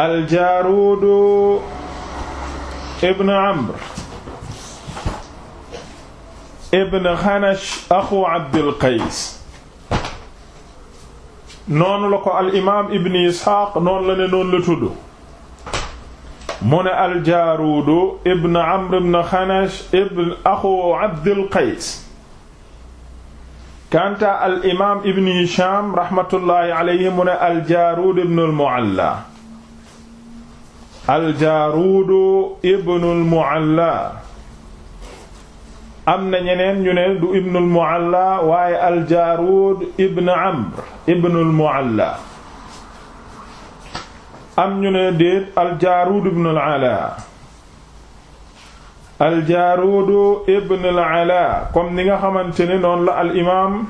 aljaruudu ibn amr ibn xanash axu abdul qays noonu la ko al imaam ibn isxaaq noonu la ne noonu la tudd mu ne aljaruudu ibn amr ibn xanash ibn axu abdul qays kanta al imaam ibn hisham rahmatullahi alayhi mu ne aljaruud ibn aljaaruudu ibnul mu'alla am na ñeneen ñu ne du ibnul mu'alla waaye aljaaruud ibn amr ibnul mu'alla am ñu ne déet aljaaruud ibnul ala aljaaruud ibnul ala comme ni nga xamante ne noonu la al imaam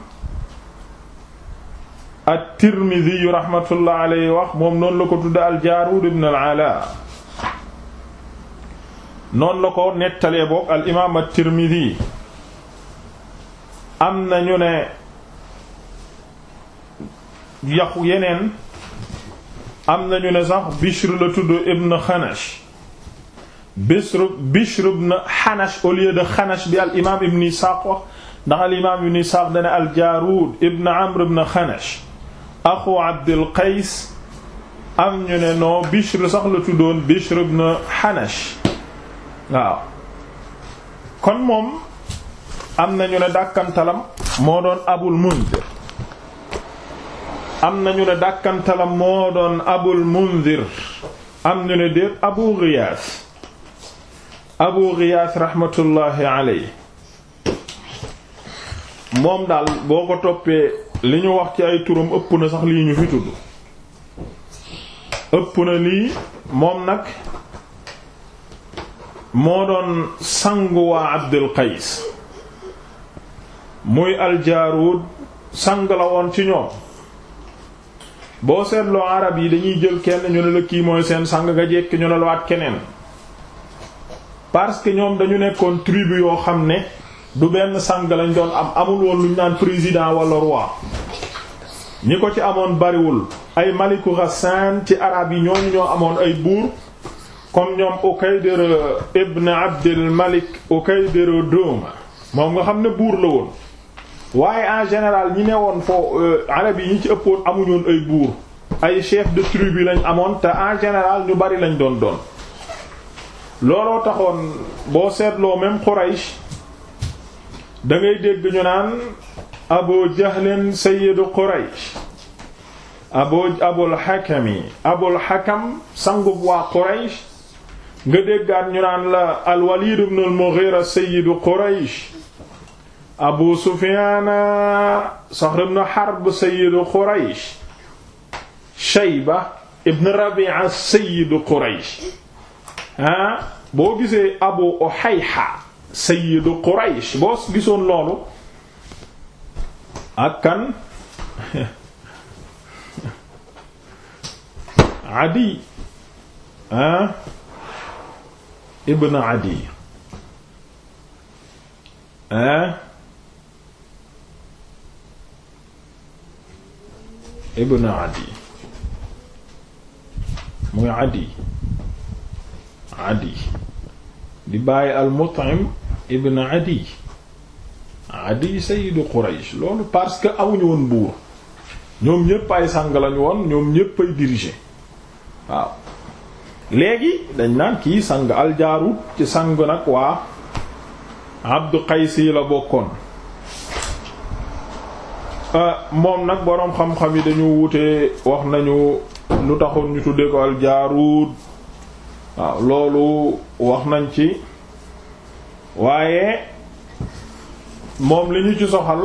at-tirmidhi rahmatullah alayhi wax moom noonu la ko tudda aljaaruud ibnul ala noonu la ko nettalee boog al imaam at-Tirmidhi am na ñu ne yaqu yeneen am na ñu ne sax Bishr la tudd ibn Xanash Bishr Bishr ibn Xanash au lieu bi al imaam ibn Isaaq wax ndax al imaam ibn Isaaq dana al Jaaruud ibn Amr ibn Xanash axu Abdul Qays am ñu ne non Bishr sax la tuddoon Bishr ibn Xanash waaw kon moom am nañu ñu ne dàkkantalam moo doon abul munzir am na ne dàkkantalam moo doon abul munzir am ñu ne déet abu ghiyaas abu ghiyaas raxmatullaahi alayhi moom daal boo ko toppee li ñu wax ci ay turam ëpp na sax lii ñu fi tudd ëpp na lii moom nag moo doon sangu waa Abdul Qays muy aljaarud sang la woon ci ñoom boo seetloo arab yi dañuy jël kenn ñu ne la kii mooy seen sang nga jekk ñu ne la waat keneen parce que ñoom dañu nekkoon tribu yoo xam ne du benn sang lañ doon am amul woon lu ñu naan président wala roi ñi ko ci amoon bariwul ay maliku Ghassan ci arab yi ñooñu ñoo amoon ay buur comme ñoom Ukaydir ibn Abdul Malik Ukaydir Duma moom nga xam ne buur la woon waaye en général ñi ne woon foo euh, arab yi ñi ci ëppoon amuñoon ay buur ay chef de tribu lañ amoon te en général ñu bari lañ doon doon looloo taxoon boo seetloo même Quraysh dangay ngay dégg ñu naan Abu Jahlin sayyidu Quraysh Abu Abul Hakami Abul Hakam sangub waa Quraysh nga déggaat ñu naan la al-Walid ibn al-Mughira sayyidu Quraysh Abu Sufyan Saxr ibn Harb sayyidu Quraysh boo gisee Abu Uhayha sayyidu Quraysh boo gisoon loolu ak Adi ah ibn adi hein ibn adi muy adi adi di bàyyi al mut'im ibn adi adi sayyidu quraysh loolu parce que awuñu woon buur ñoom ñépp ay sang lañu woon ñoom ñépp ay diriger waaw léegi dañ naan kii sang aljaarut ci sang nag waa abdu qaysi la bokkoon euh, moom nag boroom xam-xam yi dañu wute wax nañu lu taxoon ñu tudde ko aljaarut waaw loolu wax nañ ci waaye moom li ñu ci soxal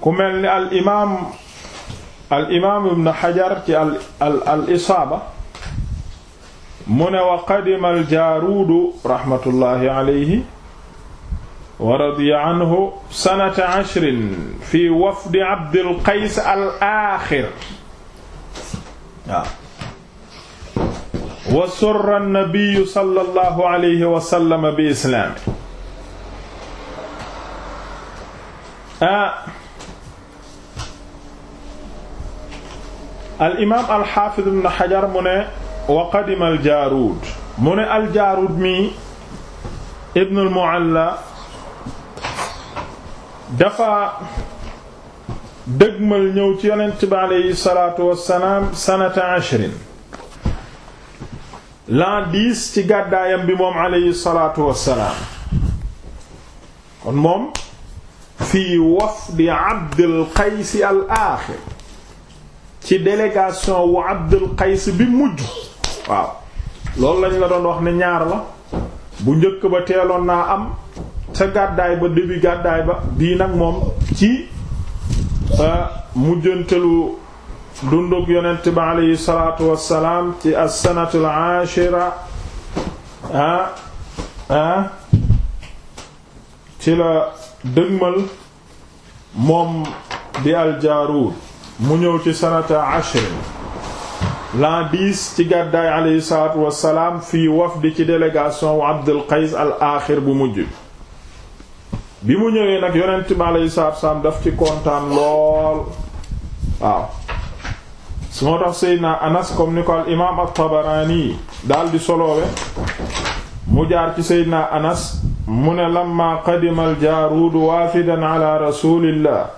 ku mel ni al imaam al imaam ibn xajar ci al al al isaaba mu ne wa qadima aljaaruudu raxmatullahi alayhi wa radiya anhu sanata ashrin fi wafdi abdul qays al aaxir waaw wa surra annabiyu sallallahu alayhi wa sallam bi islaam ah al imaam al xaafid ibn xajar mu ne wa qadima aljaarud mu ne aljaarud mi ibnu almualla dafa dëgmal ñëw ci yonent bi aleyhi salaatu wassalaam sanata ashrin l'an dix ci gàddaayam bi moom aleyhi salaatu wassalaam kon moom fii wafdi Abdul Qays al aaxir ci délégation wu Abdul Qays bi mujj waaw loolu lañ la doon wax ne ñaar la bu njëkk ba teeloon naa am sa gàddaay ba début gàddaay ba bii nag moom ci euh, mujjantelu dundug yonent ba aleyhi salaatu wassalaam ci as-sanatul ashira ah ah ci la dëgmal moom di aljaarud mu ñëw ci sanata ashrin l'an 10 ci gàddaay aleyhi salaatu wassalaam fii wafdi ci délégation wu Abdul Qays al aaxir bu mujj bi mu ñëwee nag yonent bi ci kontaan lool waaw su moo tax Seydina Anas comme ni ko al imaam at-Tabaraani daal di mu jaar ci Seydina Anas mu ne lamma qadima al jaaruud waafidan ala rasulillah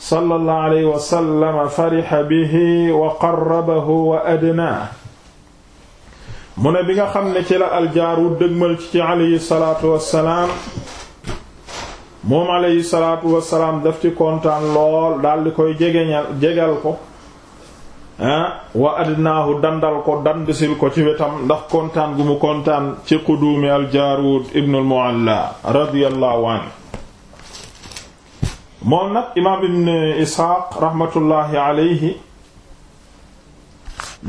sallallahu alayhi wa sallam farixa bihi wa qarrabahu wa adnaa mu ne bi nga xam ne ci la aljaaru dëgmal ci ci alayhi salaatu wassalaam moom alayhi salaatu wassalaam daf ci kontaan lool daal koy jegal ko ah wa adnaahu dandal ko dandsil ko ci wetam ndax kontaan gu kontaan ci quduumi aljaarud ibnu almualla radiyallahu anhu moom nag imaam ibn isxaaq raxmatullaahi aleyhi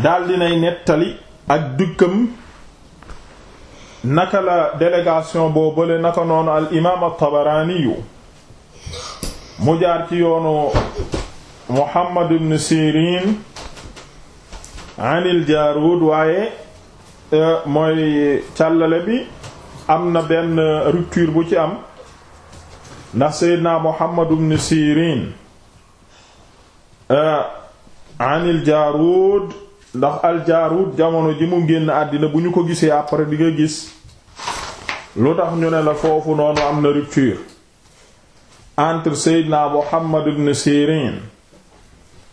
daal dinay nettali ak dukkam naka la délégation boobale naka noonu al imaam at-Tabaraaniyu mu jaar ci yoonu Muhammad ibn Sirin anil Jaarud waaye euh, mooy càllale bi am na benn rupture bu ci am ndax seydna Muhammad ibn Sirin anil Jaarud ndax al Jaarud jamono ji mu génn àddina bu ñu ko gisee après di nga gis lu tax ñu ne la foofu noonu am na rupture entre seydna Muhammad ibn Sirin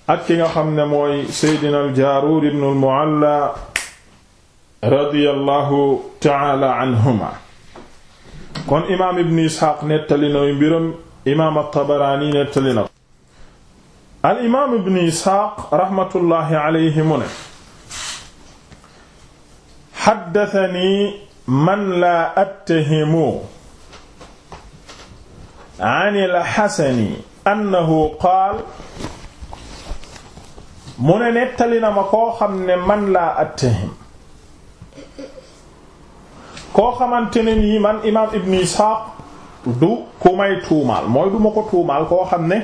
ak ki nga xam ne mooy seydna al Jaarud ibn al Mualla radiyallahu ta'ala anhuma kon imaam ibn isxaaq nettali na mbiram imaam at-Tabaraani nettali na al imaam ibn isxaaq raxmatullaahi alayhi mu ne xaddatani man laa attahimu an al-Xasani annahu qaal mu ne nettali na ma koo xam ne man laa attahim koo xamante ne nii man imaam Ibn Ishaq du ku may tuumaal mooy du ko tuumaal koo xam ne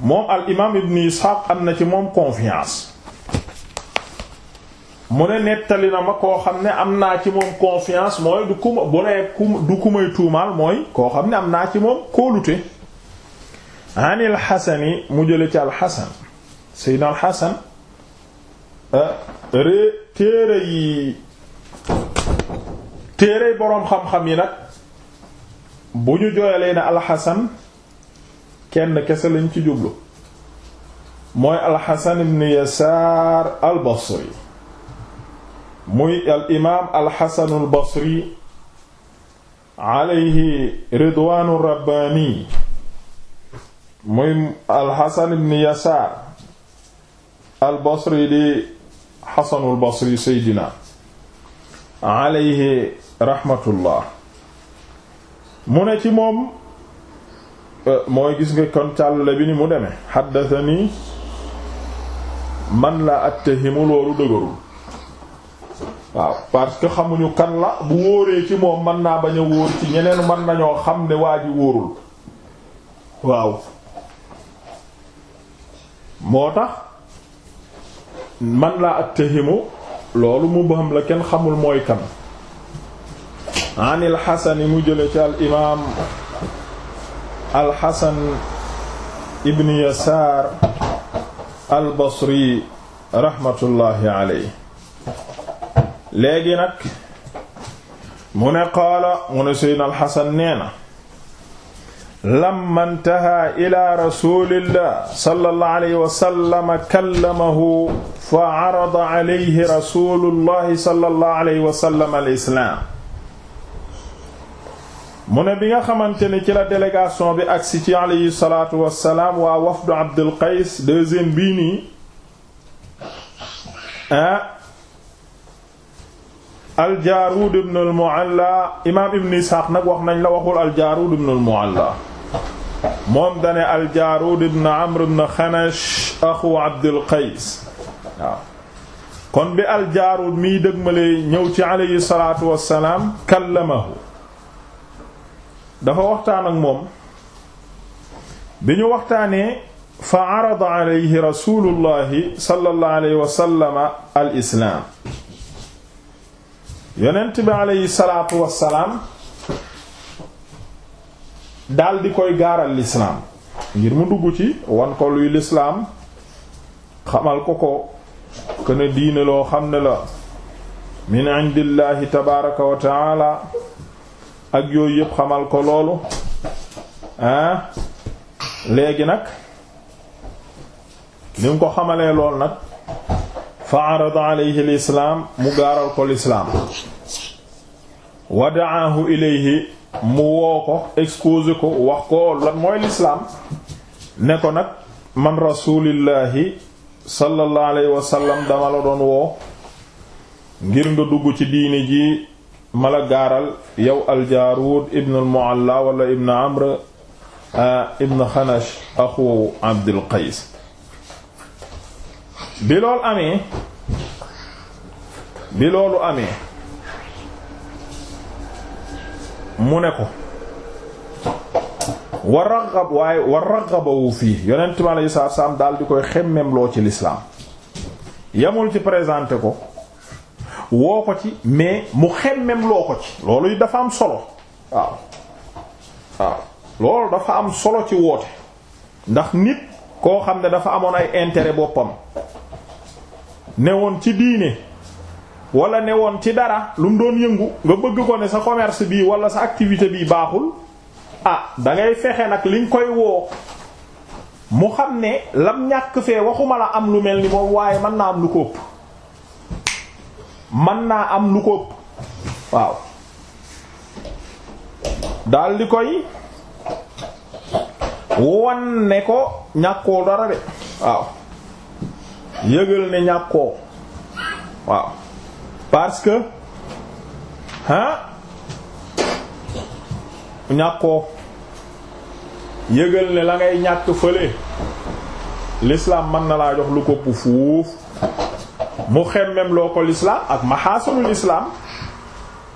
moom al imaam Ibn Ishaq am na ci moom confiance mu ne nettali na ma koo xam ne am naa ci moom confiance mooy du ku ma bu nee du ku may tuumaal mooy koo xam ne am naa ci moom kóolute anil Hasani mu jële ci al Hasan Seydina al Hasan euh, téere yi téere boroom xam yi nag bu ñu jooyalee ne alxasan kenn kese lañ ci jublu mooy alxasan ibn yasaar albasri muy al imaam alxasanu albasri alayhi ridwaanu rabbaani muy alxasan ibn yasaar albasri di xasanul basri seydina alayhi rahmatullah mu ne ci moom euh, mooy gis nga kon càllale bi ni mu demee xaddatani man la attahimu loolu dëgërul waaw parce que xamuñu kan la bu wóoree ci moom mën naa bañ a wóor ci ñeneen mën nañoo xam ne waa ji wóorul waaw moo tax man laa la attahimu loolu mu bam la kenn xamul mooy kan an alxasani mu jële ci al imaam alxasan ibn yasaar al basri raxmatullaahi aley léegi nag mu ne qaala mu ne seydna alxasan nee na lamma ntaha ila rasulillah sallallahu alayhi wa sallam kallamahu fa arada alayhi rasulullahi sallallahu alayhi wa sallam al islam mu ne bi nga xamante ne ci la délégation bi agsi ci aleyhi salaatu wassalaam waa wafdu Abdul Qays bii nii ah aljaarud al Mu'alla imaam ibn Isxaaq nag wax nañ la waxul aljaarud ibn Mu'alla moom dane aljaarud ibn Amr ibn Xanash axu Abdul kon bi aljaarud mii dëgmale ñëw ci aleyhi salaatu wassalaam kallamahu dafa waxtaan ak moom bi ñu waxtaanee fa arada alayhi rasulullahi sallallahu alayhi wa sallama al islaam yonent bi alayhi salaatu wassalaam di koy gaaral lislaam ngir mu dugg ci wan ko luy lislaam xamal ko ko kën a diine loo xam ne la min indillahi tabaaraka wa taala ak yooyu yëpp xamal ko loolu ah léegi nag ni mu ko xamalee lool nag fa arada alayhi lislaam mu gaaral ko lislaam wa daahu ilayhi mu woo ko exposé ko wax ko lan mooy lislaam ne ko nag man rasulillahi sallallahu alayhi wa sallam dama la doon woo ngir nga dugg ci diini ji mala gaaral yow aljaarud ibn almualla wala ibn ah, bi loolu amee bi loolu amee mu ne ko wa raghab waaye wa raghabawu fii yonent mi alayhi daal di koy xemmem loo ci lislaam yamul ci présenté ko woo ko ci mais mu xemmem loo ko ci loolu yi dafa am solo waaw loolu dafa am solo ci woote ndax nit koo xam ne dafa amoon ay intérêt boppam ne woon ci diine wala woon ci dara lu mu doon yëngu nga bëgg ko ne sa commerce bi wala sa activité bi baaxul ah dangay fexe nag liñ koy woo mu xam ne lam ñàkk fee waxuma la am lu mel ni moom waaye mën naa am lu ko ëpp man naa am lu ko waaw daal di koy wan ne ko ñàkkoo dara de waaw yëgal ne ñàkkoo waaw parce que ah ñàkkoo yëgal ne la ngay ñàkk fële l'islam mën na laa jox lu ko fuuf mu xemmem loo ko lislaam ak maxaasanul lislaam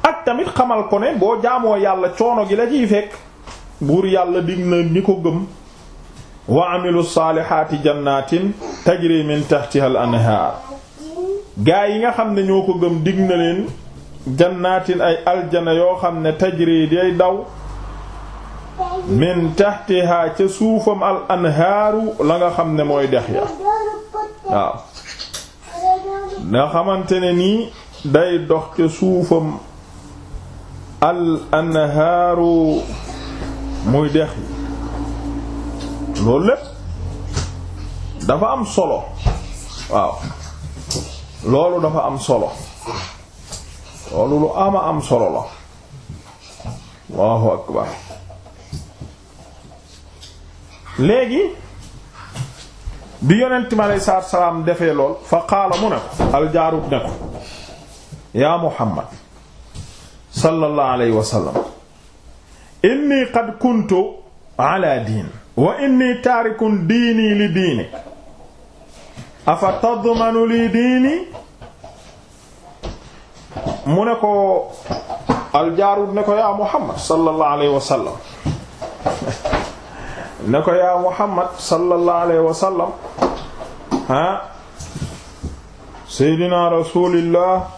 ak tamit xamal ko ne boo jaamoo yàlla coono gi la ciy fekk buur yàlla dig na ñi ko gëm wa amilu saalihaati jannatin tajri min al anhaar gaa yi nga xam ne ñoo ko gëm dig na leen jannatin ay aljana yoo xam ne tajri day daw min tahtiha ca suufam al anhaaru la nga xam ne mooy dex ya waaw nga xamante ne nii day dox ca suufam al anhaaru muy dex loolu lépp dafa am solo waaw loolu dafa am solo loolu lu ama am solo la Allahu akbar léegi bi yonent mi salaam defee lool fa qaala mu ne ko aljaarub ne ko yaa muhammad sallallahu alayhi wa inni qad kuntu ala diin wa inni taarikun diini li diini afa tadmanu li diini mu ne ko aljaarub ne ko yaa muhammad sallallahu alayhi ne ko yaa muhammad sallallahu alayhi wa ah seydina rasulillah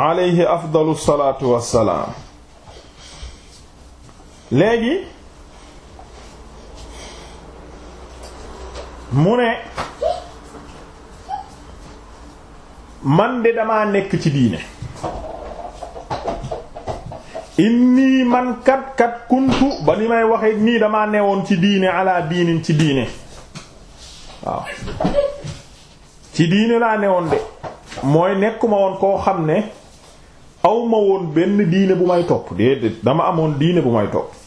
alayhi afdalu salaatu wassalaam léegi mu ne man de damaa nekk ci diine inni man kat kat kuntu ba ni may waxee nii damaa newoon ci diine ala diinin ci diine waaw ci diine laa newoon de mooy nekkuma woon koo xam ne awma woon benn diine bu may topp déedéet dama amoon diine bu may topp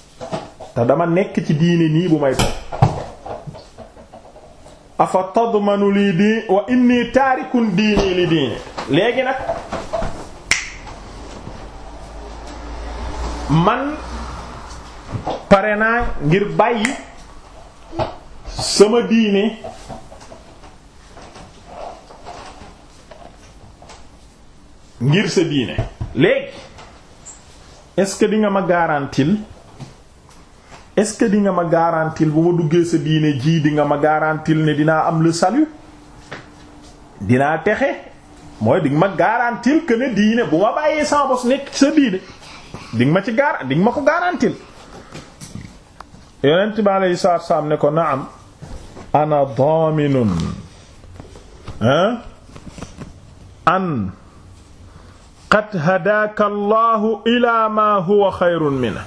te dama nekk ci diine nii bu may topp afa tadmanu lii diin wa inni taarikun diini li diini léegi nag man pare naa ngir bàyyi sama diine ngir sa diine léegi est-ce que di ma garantil est-ce que di ma garantil bu ma duggee sa diine ji di ma garantil ne dinaa am la salut dinaa texe mooy di nga ma garantil que ne diine bu ma bàyyee sama bos nekk sa diine di ma ci gaar di ma ko garantil yonent bi alayhi salaatu wa ne ko naam ana daaminun an qad hadaaka allahu ila ma huwa xayrun minhu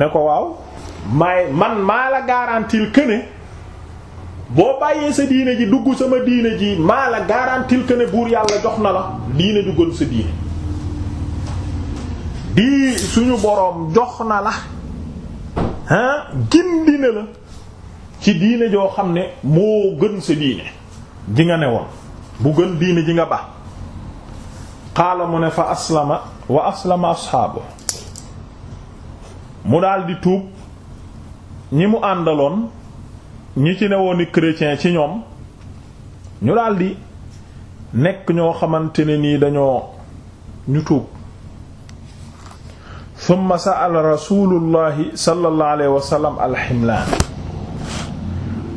ne ko waaw maay man maa la garantil que boo bàyyee sa diine ji dugg sama diine ji maa la garantil que buur yàlla jox na la diine ju gën sa diine di suñu boroom jox na la hein gindi na la ci diine joo xam ne moo gën sa diine ji nga ne woon bu gën diine ji nga ba xaala mu ne fa aslama wa aslama asxaabu mu daldi tuub ñi mu àndaloon ñi ci ne wooni chrétien ci ñoom ñu daldi nekk ñoo xamante ne nii dañoo ñu tuub summa sa'ala rasulullahi sallallahu alayhi wa sallam alximlaan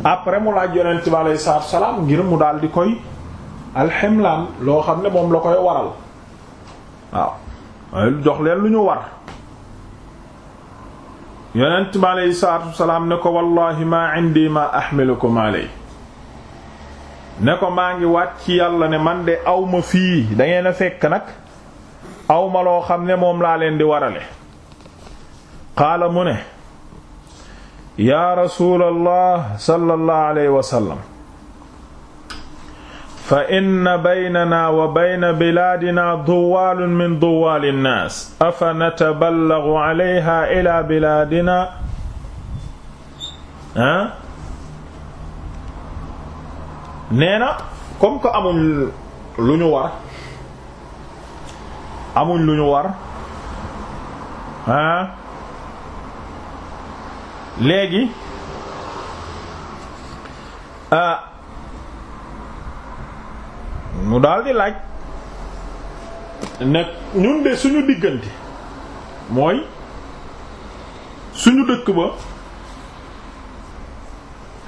après mu laaj yonent bi aleyhi salaatu salaam ngir mu daal di koy alxemlaan loo xam ne moom la koy waral waaw mooy jox leen lu ñu war yonent bi aleyhi salaatu salaam ne ko wallahi maa indi ma ahmilukum aley ne ko maa ngi waat ci yàlla ne man de awma fii dangeen a fekk nag awma loo xam ne moom laa leen di warale qaala mu ne yaa rasuulallah sallallahu alayhi wa sallam fa inna baynana wa bayna bilaadina duwaalun min duwaali nnaas afa nataballagu alayha ila bilaadina ah nee na comme que amuñ lu ñu war amuñ lu ñu war ah léegi euh, mu daldi laaj ne ñun de suñu diggante mooy suñu dëkk ba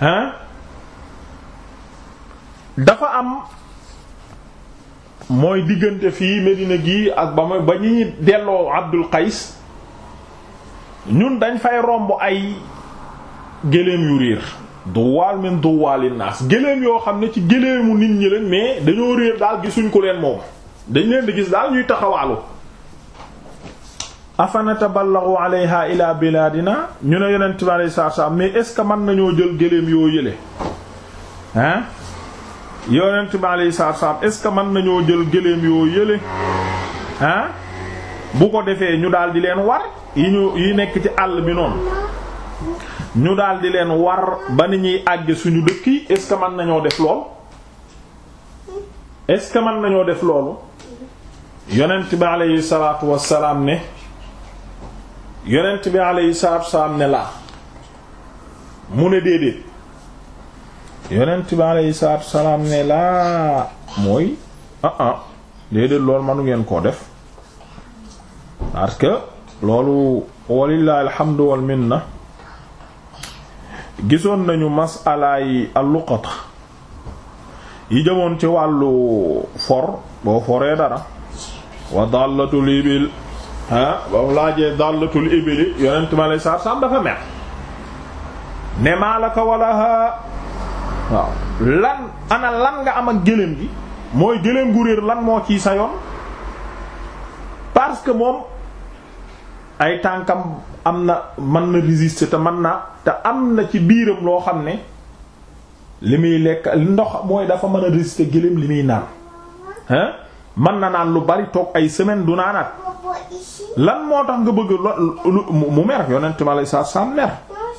hein dafa am mooy diggante fii Medina gi ak ba ma ba ñuy delloo Abdul Qais ñun dañ fay romb ay géléem yu réer duwaal min duwaali naas géléem yoo xam ne ci géléemu nit ñi leen mais dañoo réer daal gisuñ ko leen moom dañ leen di gis daal ñuy taxawaalu afanataballagu alayha ila dina ñu ne yonent bi alayhi salaatu salaam mais est ce que mën nañoo jël géléem yoo yële hein yonent bi alayhi salaatu salaam est ce que mën nañoo jël géléem yoo yële hein bu ko defee ñu daal di leen war yi ñu yi nekk ci àll bi noonu ñu daal di leen war ba ni ñuy àgg suñu dëkk yi est-ce que nañoo def lool est-ce que nañoo def loolu yonent bi aleyhi salaatu wassalaam ne yonent bi aleyhi salaatu wassalaam ne laa mu ne déedéet yonent bi aleyhi salaatu wassalaam ne laa mooy ah, ah, déedéet loolu mënu ngeen koo def parce que loolu walillahi alhamdu wal na gisoon nañu masalaay alluqata yi jëmoon ci wàllu for boo foree dara wa dàllatul ibil ha ba mu laajee dàllatul ibili yonent ma lay saar saam dafa mer ne maalaka wala waaw lan ana lan nga am ak gëléem gi mooy gëléem gu réer lan moo ciy sa yoon parce moom ay tànkam am na mën na résister te mën na te am na ci biiram loo xam ne li muy lekk ndox mooy dafa mën a résister gëléem li muy naan hein mën na naan lu bari toog ay semaine du naanaat lan moo tax nga bëgg lu mu mer yonent ma lay saa saa mer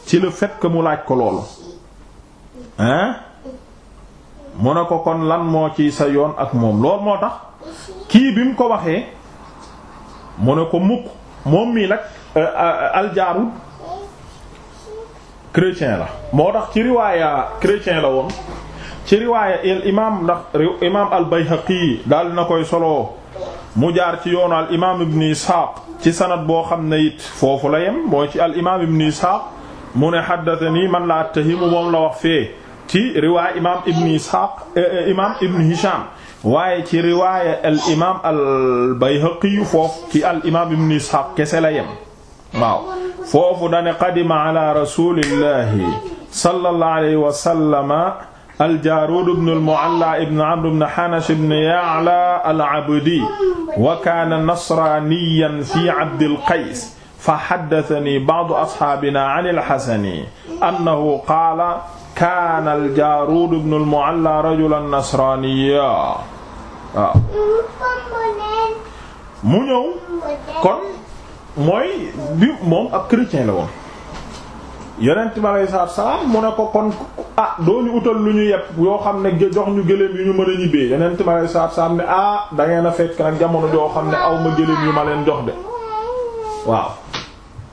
ci la fet ko mu laaj ko loolu hein mu ne ko kon lan moo ci sa yoon ak moom loolu moo tax kii bi mu ko waxee mu ne ko mukk moom mii nag Euh, euh, euh, aljaaru chrétien la moo tax ci riwaaya chrétien la woon ci riwaaya al imaam ndax imaam al bayhaqi daal na koy solo mu jaar ci yoonu al imaam ibn ishaaq ci sanad boo xam ne it foofu la yem mooy ci al imaam ibn ishaaq mu ne haddathani man la attahimu moom la wax fee ci riwaaya imaam ibn ishaaq eh, eh, imaam ibn hisham waaye ci riwaaya al imaam al bayhaqi foofu ci al imaam ibn ishaaq kese la yem waaw foofu dane qadima ala rasulillahi sallallahu alayhi wa sallama aljaruud ibn al-mu'alla ibn amr ibn hanash ibn ya'la al-abdi wa kaana nasraniyan fi abdil qays fa haddathani ba'du ashaabina an al-hasani annahu qaala kaana al-jaruud ibn al-mu'alla rajulan nasraniyyan waaw mu ñëw kon mooy bi moom ab chrétien la woon yeneen bi aleyhi salaatu salaam mu ne ko kon ah doo ñu utal lu ñu yëpp yoo xam ne jox ñu gëléem yu ñu mën a ñibbee yonent bi aleyhi salaatu salaam ne ah da a fekk nag jamono joo xam ne aw ma gëléem yu ma leen jox de waaw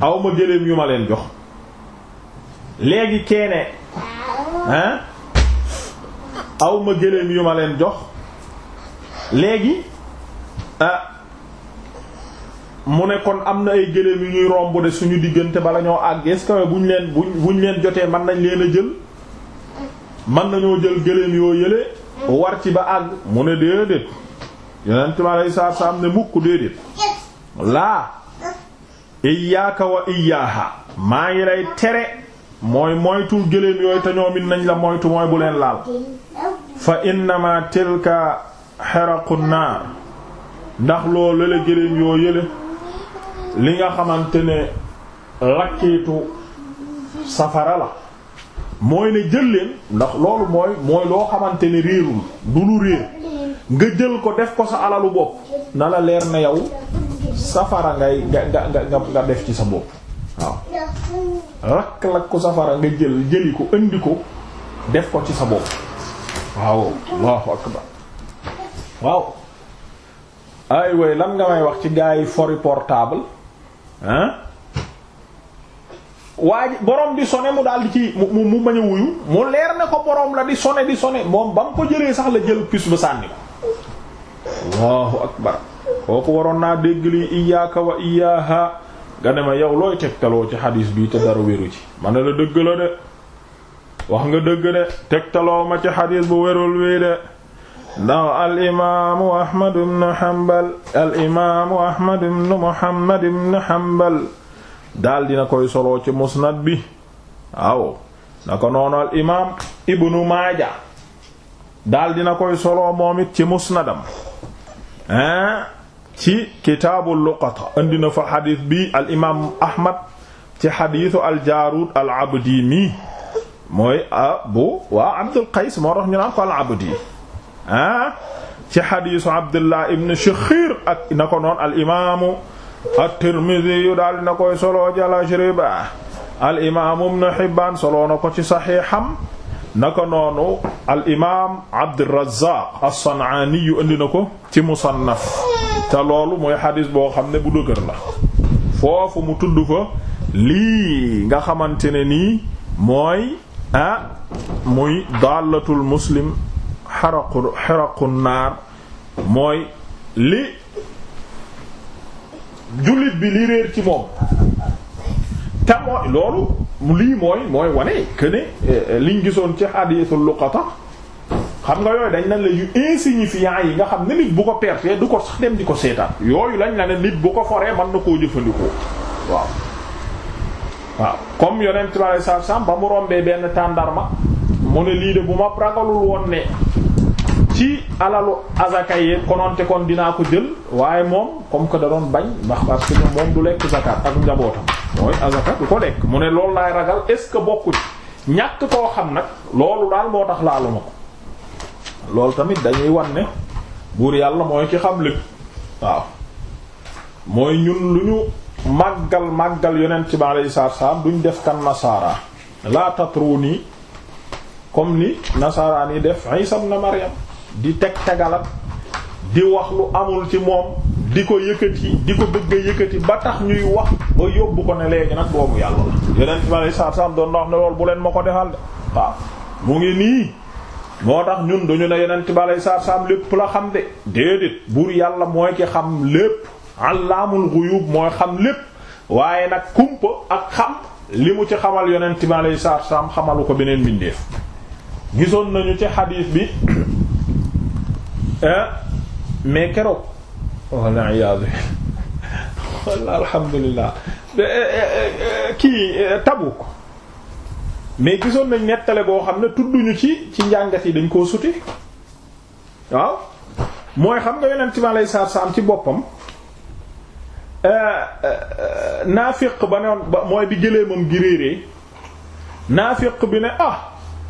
aw ma gëléem yu ma leen jox léegi keene hein aw yu ma leen jox léegi ah, mu ne kon am na ay gëléem yu ñuy romb de suñu diggante bala ñoo àgg est buñ leen buñ buñ leen jotee man nañ leen a jël mën nañoo jël gëléem yoo yële war ci ba àgg mu ne déedéet yonent mi aleyhi salaatu salaam ne mukk déedéet laa iyaaka wa iyaaha maa ngi lay tere mooy moytul gëléem yooyu te ñoomit nañ la moytu mooy bu leen laal fa innama tilka xeraqu naar ndax loolu la gëléem yoo yële li nga xamante ne lakkiitu safara la mooy ne jël leen ndax loolu mooy mooy loo xamante ne réerul du lu réer nga jël ko def ko sa alalu bopp na la leer na yow safara ngay nga nga nga def ci sa bopp waaw lakk lakk ko safara nga jël jëli ko indi ko def ko ci sa bopp waaw allahu akbar waaw ay way lan nga may wax ci gaa yi fori portable ah waaye borom di sone mu daal ci mu mu bañ a wuyu mu leer ne ko borom la di sone di sone moom ba mu ko jëlee sax la jël pis ba sànni ko allahu akbar kooku waroon naa dégg li iyyaka wa iyyaha nga ne ma yow looy tegtaloo ci xadiis bi te dara wéru ci ma ne la dëgg la de wax nga dëgg de tegtaloo ma ci xadiis bu wérul wii de ndax al imaamu ahmad ibn hanbal al imaamu ahmad ibn muhammad ibn hanbal daal dina koy soloo ci musnad bi waaw naka noonu al imaam ibnu maaja daal dina koy soloo moom it ci musnadam ah ci kitaabu luqata indi na fa xadis bi al imaam ahmad ci xadisu al jaarud al abdi mi mooy abu waa abdul qays moo tax ñu naan ko al abdi Ah? ci xadiisu Abdullah ibn Shikhir ak noon al imaamu at-Tirmidhi daal na koy solo jala shriba al imaamu ibn Hibbaan solo na ko ci saxiixam naka noonu al imaam Abdurrazzaq as-San'aani yu indi na ko ci musannaf te loolu mooy xadis boo xam ne bu dëgër la foofu mu tudd fa lii nga xamante ne nii mooy ah muy daalatul muslim xaraqu xaraqu naar mooy li jullit bi li réer ci moom te mooy loolu lii mooy mooy wane que ne euh, liñ gisoon ci xadiisul luqata xam nga yooyu dañ na la yu insignifiant yi nga xam ne nit bu ko perte du ko sax dem di ko seetaan yooyu lañ la nit bu ko foree mën na koo jëfandikoo waaw waaw comme yonent bi sallallahu alayhi wasallam ba mu rombee benn tàndarma mu ne lii de bu ma ragalul woon ne ci alalu azaka yi kononte kon dinaa ko jël waaye moom comme que da doon bañ ndax parce que moom du lekk zakat ak njabootam mooy azaka du ko lekk mu ne loolu laay ragal est-ce que bokku ñàkk koo xam nag loolu daal moo tax laalu ma ko loolu tamit dañuy wan ne buur yàlla mooy ci xam lépp waaw mooy ñun lu ñu màggal màggal yonent bi alayhi salaam duñ def kan nasaara laa tatru nii comme ni nasaraan yi def Isa ibn Maryam di teg tagalat di wax lu amul ci moom di ko yëkkati di ko bëgg a yëkkati ba tax ñuy wax ba yóbbu ko ne léegi nag doomu yàlla la yeneen ci ma saar saar doon wax ne bu leen ma ko defal de waaw mu ngi nii moo tax ñun dañu ne yeneen balay saar saam lépp la xam de déedéet buur yàlla mooy ki xam lépp allaamul guyub mooy xam lépp waaye nag kumpa ak xam li mu ci xamal yeneen balay saar saam xamalu ko beneen mbindeef gisoon nañu ci xadiis bi ah, mais keroog walla iyaadu walla alhamdulillah eh, eh, eh, kii Tabuk mais gisoon nañ nettale boo xam ne tudduñu ci ci njàngat yi dañ koo suti waaw mooy xam nga yonent bi alayhi salaatu salaam ci boppam naafiq ba noon ba mooy bi gëléemam gi réeree naafiq bi ne ah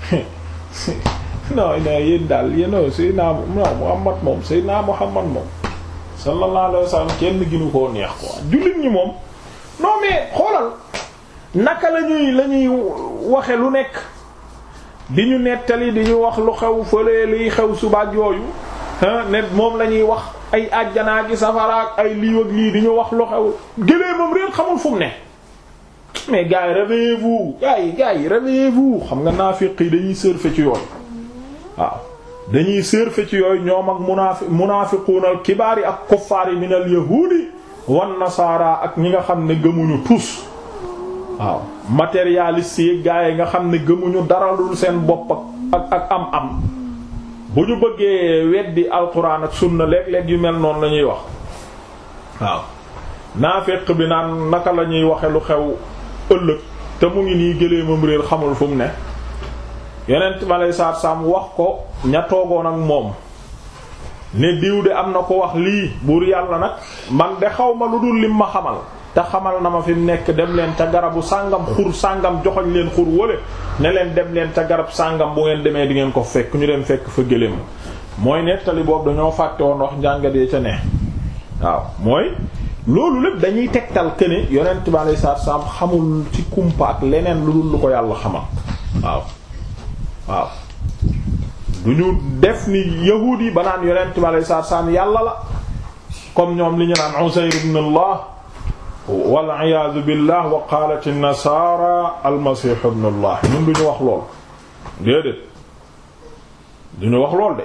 non non yéen daal yéen Seydina non Muhammad moom Seydina Muhammad moom sallallahu alayhi wa sallam kenn ginu ko neex ko jullit ñi moom non mais xoolal naka lañuy lañuy waxe lu nekk di ñu nettali di ñu wax lu xew fële liy xew subaak yooyu ne moom la ñuy wax ay àjjanaa gi safaraak ay liiw ak lii di ñu wax lu xew gélee moom réer xamul fu ne mais gars yi réveillez-vous gars xam nga naafiq yi dañuy surfer ci yooyu waaw dañuy surfer ci yooyu ñoom ak munaafi munaafiquunal kibaar yi ak kuffaar yi minal yahuudi wan nasaara ak ñi nga xam ne gëmuñu tous waaw matérialiste yi gars nga xam ne gëmuñu dara daralul seen bopp ak ak am-am bu ñu bëggee weddi alquran ak sunna léeg-léeg yu mel noonu la ñuy wax waaw naafiq bi naan naka la ñuy waxe lu xew. ëllëg te mu ngi nii gëléemam réer xamul fu ne yonent ma lay saar saam wax ko ña toogoon ak moom ne diw di am na ko wax lii buur yàlla nag man de xaw ma lu dul lim ma xamal te xamal na ma fi mu nekk dem leen ca garabu sàngam xur sàngam joxoñ leen xur wële ne leen dem leen ca garab sàngam bu ngeen demee di ngeen ko fekk ñu dem fekk fa gëléem mooy nettali boobu dañoo fàtte woon wax njàngadee ca ne waaw mooy loolu lépp dañuy tegtal que ne yonent bi alayhi salaatu salaam xamul ci kumpa ak leneen lu dul lu ko yàlla xamal waaw waaw du ñu def ni yahuud yi ba naan yonent bi alayhi salaatu salaam yàlla la comme ñoom li ñu naan Usayr ibn Allah wal iyaadu billah wa qaalat an-nasaara al-masiih Allah ñun du ñu wax lool déedéet du ñu wax lool de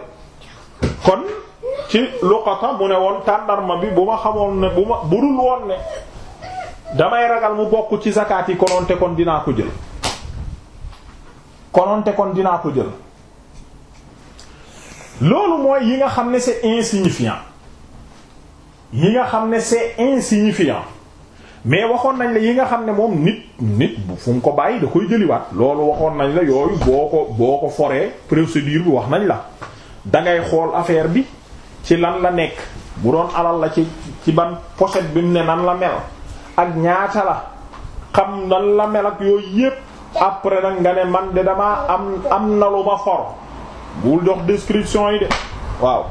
kon. ci luqata mu ne woon tàndarma bi bu ma xamoon ne bu ma budul woon ne damay ragal mu bokk ci zakat yi kononte kon dinaa ko jël kononte kon dinaa ko jël loolu mooy yi nga xam ne c'est insignifiant yi nga xam ne c'est insignifiant mais waxoon nañ la yi nga xam ne moom nit nit bu ko bàyyi da koy jëliwaat loolu waxoon nañ la yooyu boo ko boo ko foree procédure bi wax nañ la da ngay xool affaire bi ci lan la nekk bu doon alal la ci ci ban pochette bi mu ne nan la mel ak ñaata la xam nan la mel ak yooyu yépp après nag nga ne man de dama am am na lu ma for bul jox description yi de waaw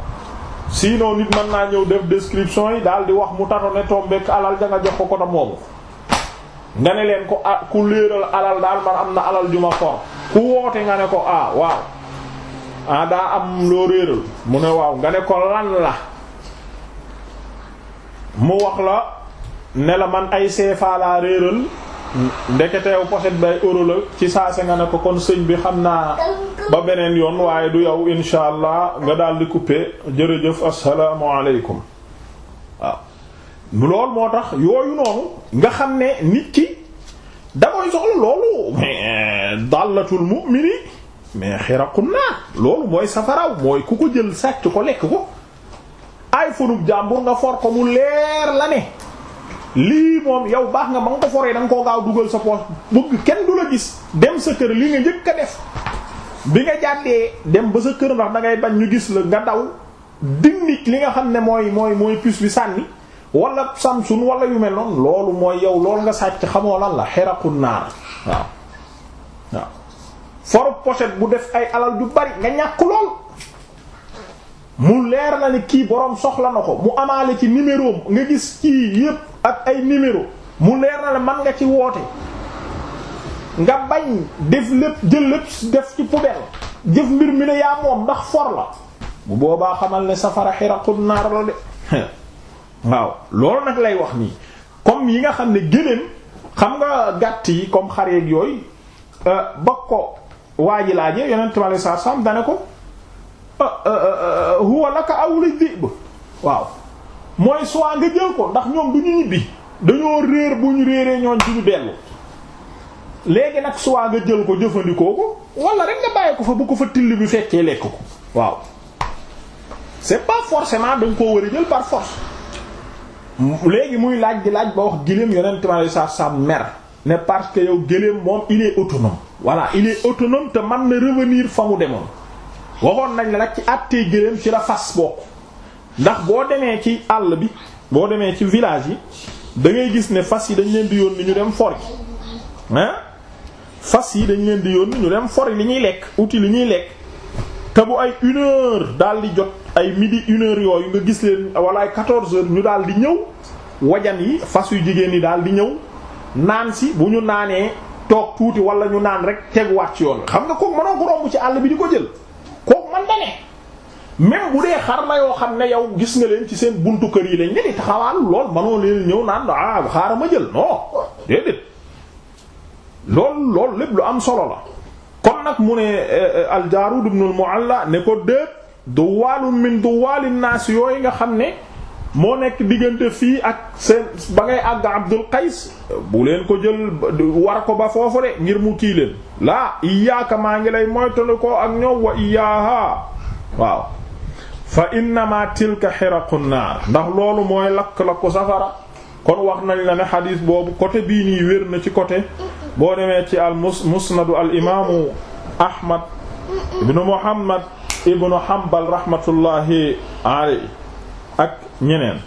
sinon nit mën naa ñëw def description yi daal di wax mu tato ne tombek alal ja nga jox ko ko moomu nga ne leen ko ah, ku léeral alal daal man am na alal ju ma ku woote nga ne ko ah waaw ah daa am loo réeral mu ne waaw nga ne ko lan la mu wax la ne la man ay CFA laa réeral ndeketeew pochette bay euro la ci saase nga ne ko kon sëñ bi xam naa ba beneen yoon waaye du yow insha nga daal di coupé jërëjëf asalaamaaleykum waaw loolu moo tax yooyu noonu nga xam ne nit ki da soxla loolu dallatul mu'mini mais xiraqu naa loolu mooy safaraw mooy ku ko jël sàcc ko lekk ko ay fanub jàmbur nga for ko mu leer la ne lii moom yow baax nga ba nga ko foree da nga gaaw dugal sa poche bëgg kenn du la gis dem sa kër li nga njëkk a def bi nga jàddee dem ba sa kër ndax da bañ ñu gis la nga daw dindi li nga xam ne mooy mooy mooy puce bi sànni wala samsun wala yu mel noonu loolu mooy yow loolu nga sàcc xamoo lan la xeraqu naar waaw for pochette bu def ay alal ju bari nga ñàkk lool mu leer na ni kii boroom soxla na ko mu amaale ci numéro nga gis kii yépp ak ay numéro mu leer na la man nga ci woote nga bañ def lépp jël lépp def ci poubelle jëf mbir mi ne yaa moom ndax for la bu boobaa xamal ne safara xiraqul naar la de waaw loolu nag lay wax nii comme yi nga xam ne gëléem xam nga gàtt yi comme xareeg yooyu euh, ba ko waa ji laajee yonent mi alayhi salaatu sam dane ko huwa laka aw li dib waaw mooy soit nga jël ko ndax ñoom du ñu ñibbi dañoo réer bu ñu réeree ñooñ ci ñu dellu léegi nag soit nga jël ko jëfandikoo ko wala rek nga bàyyi ko fa bu ko fa till bi fekkee lekk ko waaw c'est pas forcément da nga koo war a jël par force léegi muy laaj di laaj ba wax géléem yonent mi alayhi salaatu salaam mer ne parce que yow géléem moom il est voilà il est te man na revenir fa mu demoon waxoon nañ la nag ci àttee gëléem ci la fas bokk ndax boo demee ci àll bi boo demee ci village yi da ngay gis ne fas yi dañ leen di yónni ñu dem for yi fas yi dañ leen di yónni ñu dem for li ñuy lekk uti li ñuy lekk te bu ay une heure daal di jot ay midi une yooyu nga gis leen wala ay quatorze heures ñu daal di ñëw wajan yi fas yu jigéen yi daal di ñëw naan si bu ñu naanee toog tuuti wala ñu naan rek teguwaat ci yoon xam nga kooku mënoo ko romb ci àll bi di ko jël kooku man da ne même bu dee xar la yoo xam ne yow gis nga leen ci seen buntu kër yi lañ ne di taxawaal lool manoo leen ñëw naan ah xaaral ma jël non déedéet lool lool lépp lu am solo la kon nag mu ne eh, eh, al Jaarud ibn al Mu'alla ne ko déet duwaalun min duwaali naas yooyu nga xam ne moo nekk diggante fii ak seen ba ngay àgg Abdul Qays bu ko jël war ko ba foofu ngir mu kii leen laa iyaaka maa ngi lay moytanu ko ak ñoom wa iyaaha waaw fa innama tilka xiraqu naar ndax loolu mooy lakk la ko safara kon wax nañ la ne boobu côté bii nii wér na ci côté boo demee ci al mus musnadu al imaamu Ahmad ibnu Muhammad ibnu Hanbal rahmatullahi alayhi ak ñeneen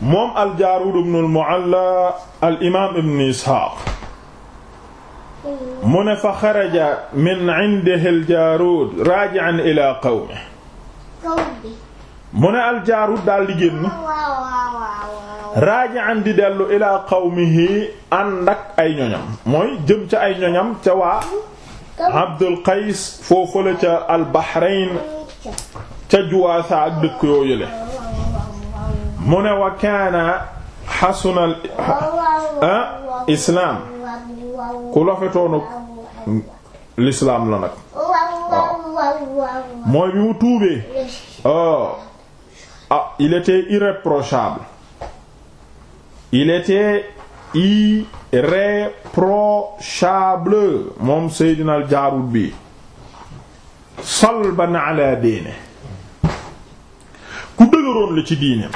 moom al-Jaarud ibn al-Mu'alla al-imaam ibn Isxaaq mu ne fa xaraja min indihi al-Jaarud raaji'an ilaa qawmihi mu ne al-Jaarud daal di génn raaji'an di dellu ilaa qawmihi ànd ak ay ñoñam mooy jëm ca ay ñoñam ca waa Abdul Qays foofu ca al-Bahrayn ca juwaasa ak dëkk yoo yële mu ne wa kaana xasunal ah, islaam ku lafetoonu lislaam la nag mooy bi mu tuubee oh. ah, il était irréprochable il était irréprochable moom Seydina al Jaarud bi salban ala diine dëgëroon ci diineem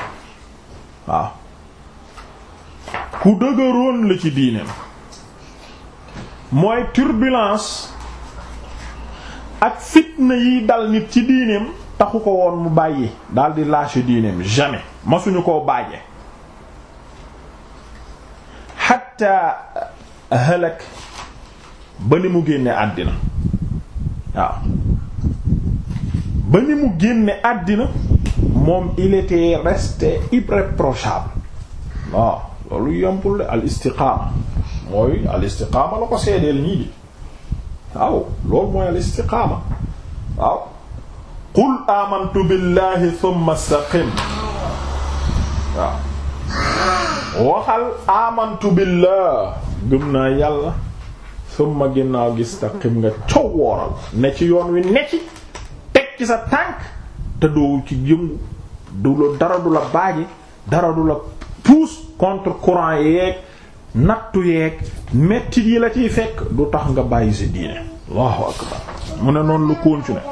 waaw ku dëgëroon la ci diineem mooy turbulence ak fitna yi dal nit ci diineem taxu ko woon mu bàyyi daal di lâcher diineem jamais masuñu koo bàyye xatta halak ba ni mu génne àddina waaw ba ni mu génne àddina moom il était resté irréprochable waaw ah, loolu yompul de al istiqaama mooy al istiqaama la ko seedeel ñii di waaw loolu mooy al waaw qul amantu billahi thumma istaqim waaw waxal amantu billah gëm yàlla thumma ginnaaw gis taqim nga cow wooral ne ci yoon wi ne ci teg ci sa tànk te doo ci yëngu du la dara du la baaje dara du la pousse contre courant yeeg nattu yeeg mettit yi la ciy fekk du tax nga bàyyi si diine allahu akbar mu ne noonu lu continuer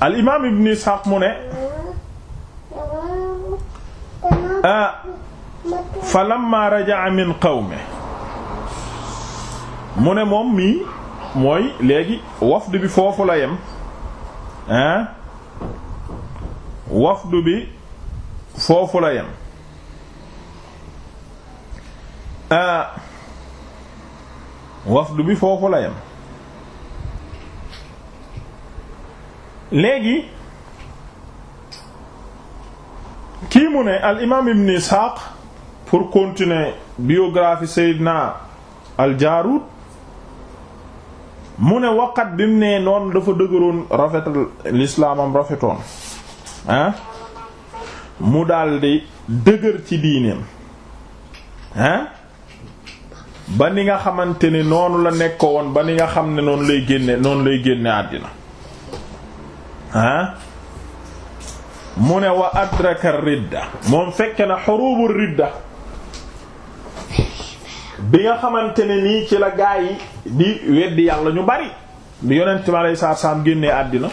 al imaam ibn Ishaq mu ne ah, fa lamma raja'a min qawme mu ne moom mii mooy léegi wafd bi foofu la yem ah, wafdu bi foofu la yem ah, bi foofu la yem léegi kii mu ne al imaam ibn Isxaaq pour continuer biographie Seydina al Jaaruud mu ne waqat bi mu ne noonu dafa dëgëroon rafetal lislaamam rafetoon ah mu daldi dëgër ci diineem ah ba ni nga xamante ni noonu la nekk woon ba ni nga xam ne noonu lay génne noonu lay génne àddina ah mu ne wa adraka ridda moom fekke na xurubu ridda bi nga xamante ne nii ci la gaa yi di weddi yàlla ñu bari bi yonent mi alayhi salaam génnee àddina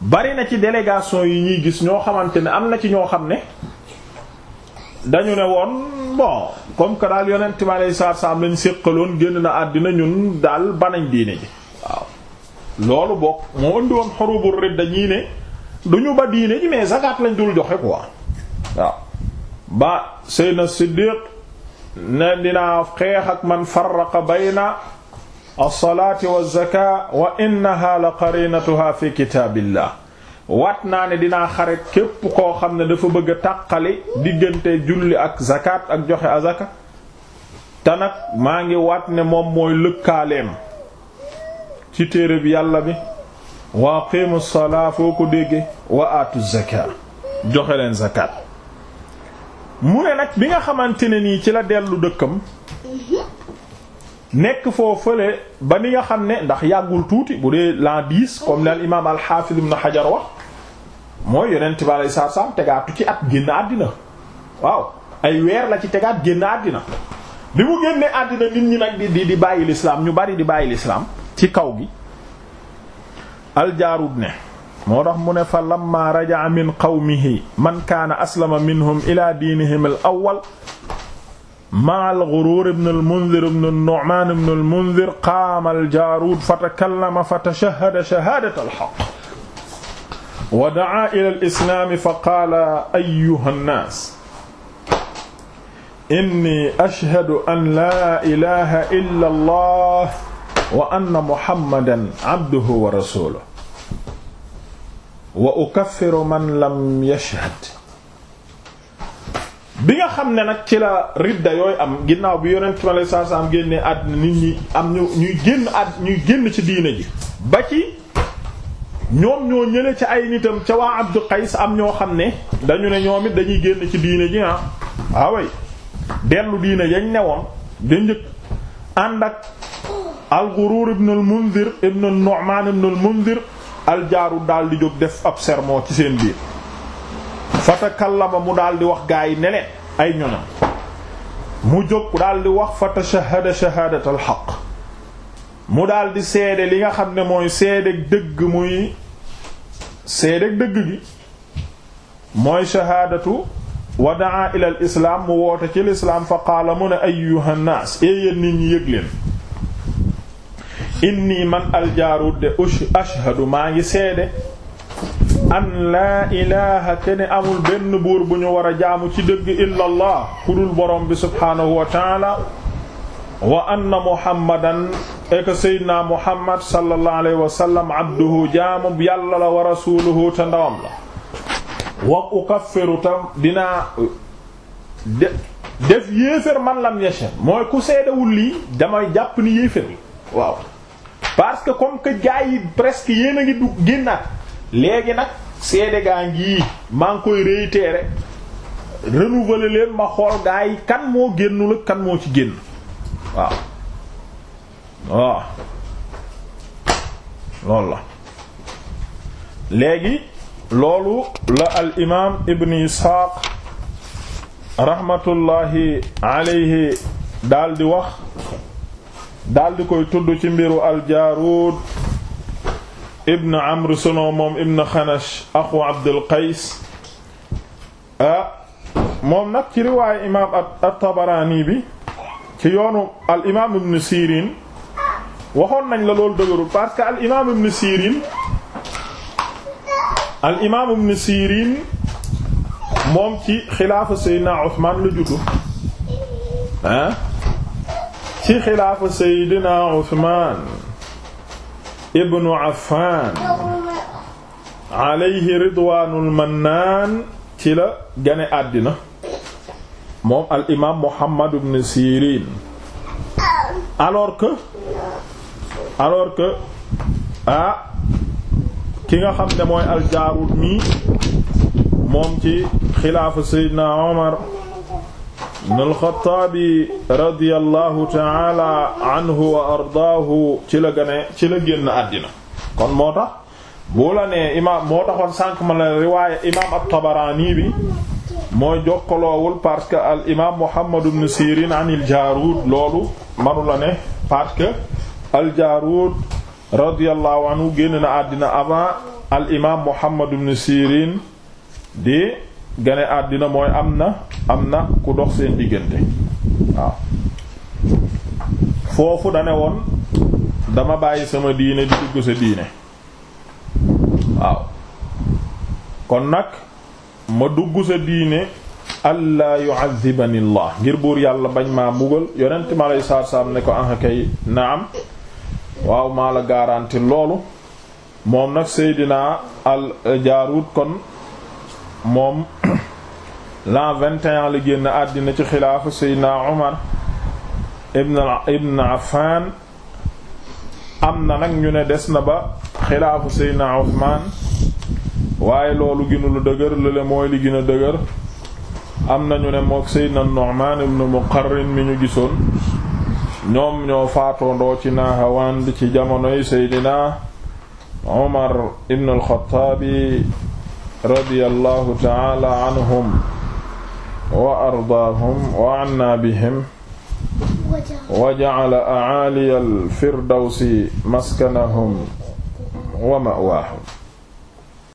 bari na ci délégation yi ñuy gis ñoo xamante ne am na ci ñoo xam ne dañu ne woon bon comme que daal yonent bi alayhi salaatu salaam lañ séqaloon génn na àddina ñun daal banañ diine ji waaw loolu bokk moo indi woon ridda ñii ne du ñu ba diine ji mais zakat lañ dul joxe quoi waaw ba Seydina Siddiq ne dinaa xeex ak man farraqa bayna alsalaati walzaka wa innaha la qarinatuha fi kitaabillah waat naa ne dinaa xare képp koo xam ne dafa bëgg a tàqali diggante julli ak zakat ak joxe azaka te maa ngi waat ne moom mooy lëkkaaleem ci téere bi yàlla bi wa aqimu salaa foo ko dégge wa aatu zaka joxe leen zakat mu ne nag bi nga xamante ne nii ci la dellu dëkkam nekk foo fële ba ni nga xam ne ndax yàggul tuuti bu dee l'an dix comme li al imaam al xaafiz wax mooy yonent bi alayhi salaatu tegaatu ci at génn àddina waaw ay weer la ci tegaat génn àddina bi mu génnee àddina nit ñi nag di di bàyyi lislaam ñu bari di bàyyi lislaam ci kaw gi aljaarud ne moo tax mu ne fa lamma raja'a min qawmihi man kaana aslama minhum ila diinihim awwal ma'a al-Ghuruur ibn al-Mundhir ibn an-Nu'maan ibn al-Mundhir qaama al-Jaaruud fatakallama fatashahhada shahaadata al-haqq wa da'aa ila al-islaam faqaala ayyuha an-naas inni ashhadu an laa ilaaha illa Allah wa anna Muhammadan abduhu wa rasuluhu wa ukaffiru man lam yashhad bi nga xam ne nag ci la ridda yooyu am ginnaaw bi yonent mi alayhi salaatu salaam génnee àddina nit ñi am ñu ñuy génn àdd ñuy génn ci diina ji ba ci ñoo ci ay nitam ca am ñoo xam ne dañu ne ñoom it dañuy génn ci diina ji ah waaway ah dellu diina yañ newoon da njëkk ànd ak al-Ghuruur ibn al-Mundhir ibn an-Nu'maan ibn al daal di jóg def ab sermo ci seen biir fatakallama mu daldi wax gaa yi ne leen ay ñoñam mu jóg daal di wax fatashahada shahaadatal xaq mu daldi di seede li nga xam ne mooy seedeeg dëgg muy seedeeg dëgg gi mooy shahaadatu wa daa ila islaam mu woote ci lislaam fa qaala mu ne ayyuha nnaas éeyéen nit ñi yëg leen inni man aljaarud de ashhadu maa ngi seede an laa ilaha te amul benn buur bu ñu war a jaamu ci dëgg illallah kudul borom bi subhaanahu wa taala wa anna muhammadan eka seydina muhammad sallallahu alayhi wa sallam abduhu jaamu yàlla la wa rasuluhu te ndawam la wa ukaffiru tam dinaa de def yéefér man lam yasha mooy ku seedawul lii damay jàpp ni yéefér waaw parce que comme que gaa ngi du génnaat léegi nag seede gaa ngi maa ngi koy réitérer renouveler leen ma xool gaa kan moo génnul ak kan moo ci génn waaw waaw loolu la léegi loolu la al imaam ibn isxaaq rahmatullahi alayhi daal di wax daal di koy tudd ci mbiru al jaaruud ibn amr solo moom ibn xanash axu abdul qays ah moom nag ci riwaayu imaam at-Tabaraani bi ci yoonu al imaam ibn Siiriin waxoon nañ la loolu dëgërul parce que al imaam ibn Siiriin al imaam ibn Siiriin moom ci xilaafa Seydina Usmaan la juddu ah ci xilaafa Seydina Usmaan ibnu Affan alayhi ridwaanul ci la gane àddina moom al imaam Muhammad ibn Sirin alors ki nga xam ne mooy al Jaarud mi moom ci xilaafu Seydina Omar ibn alxataabi radiyallahu ci la gane ci la kon moo tax bu riwaaya imaam at-Tabaraani bi mooy jokkaloowul parce que al imaam Muhammad ibn Sirin an il Jaaruud loolu manu la ne parce que al Jaaruud na àddina avant al imaam Muhammad ibn Sirin di gane àddina mooy am na am na ku dox seen diggante waaw foofu dane woon dama bàyyi sama diine di dugg sa diine waaw kon nag ma dugg sa diine allah yu'adhibani allah ngir buur yàlla bañ maa mbugal yonent ma lay saar saam ne ko anha kay naam waaw maa la garanti loolu moom nag seydinaa al jaarut kon moom l'an 21 la génn àddina ci xilaafa seydna Umar ibn ibn am na nag ñu ne des na ba xilaafu seydna Usmaan waaye loolu gënu lu dëgër lële mooy li a dëgër am nañu ne mook seydna Nu'maan ibn Muqarrin mi ñu gisoon ñoom ñoo faatoondoo ci Nahawand ci jamonoy seydina Umar ibn al radiyallahu taala anhum wa ardaahum wa anna bihim wa ja'ala a'aaliya al-firdawsi maskanahum wa ma'waahum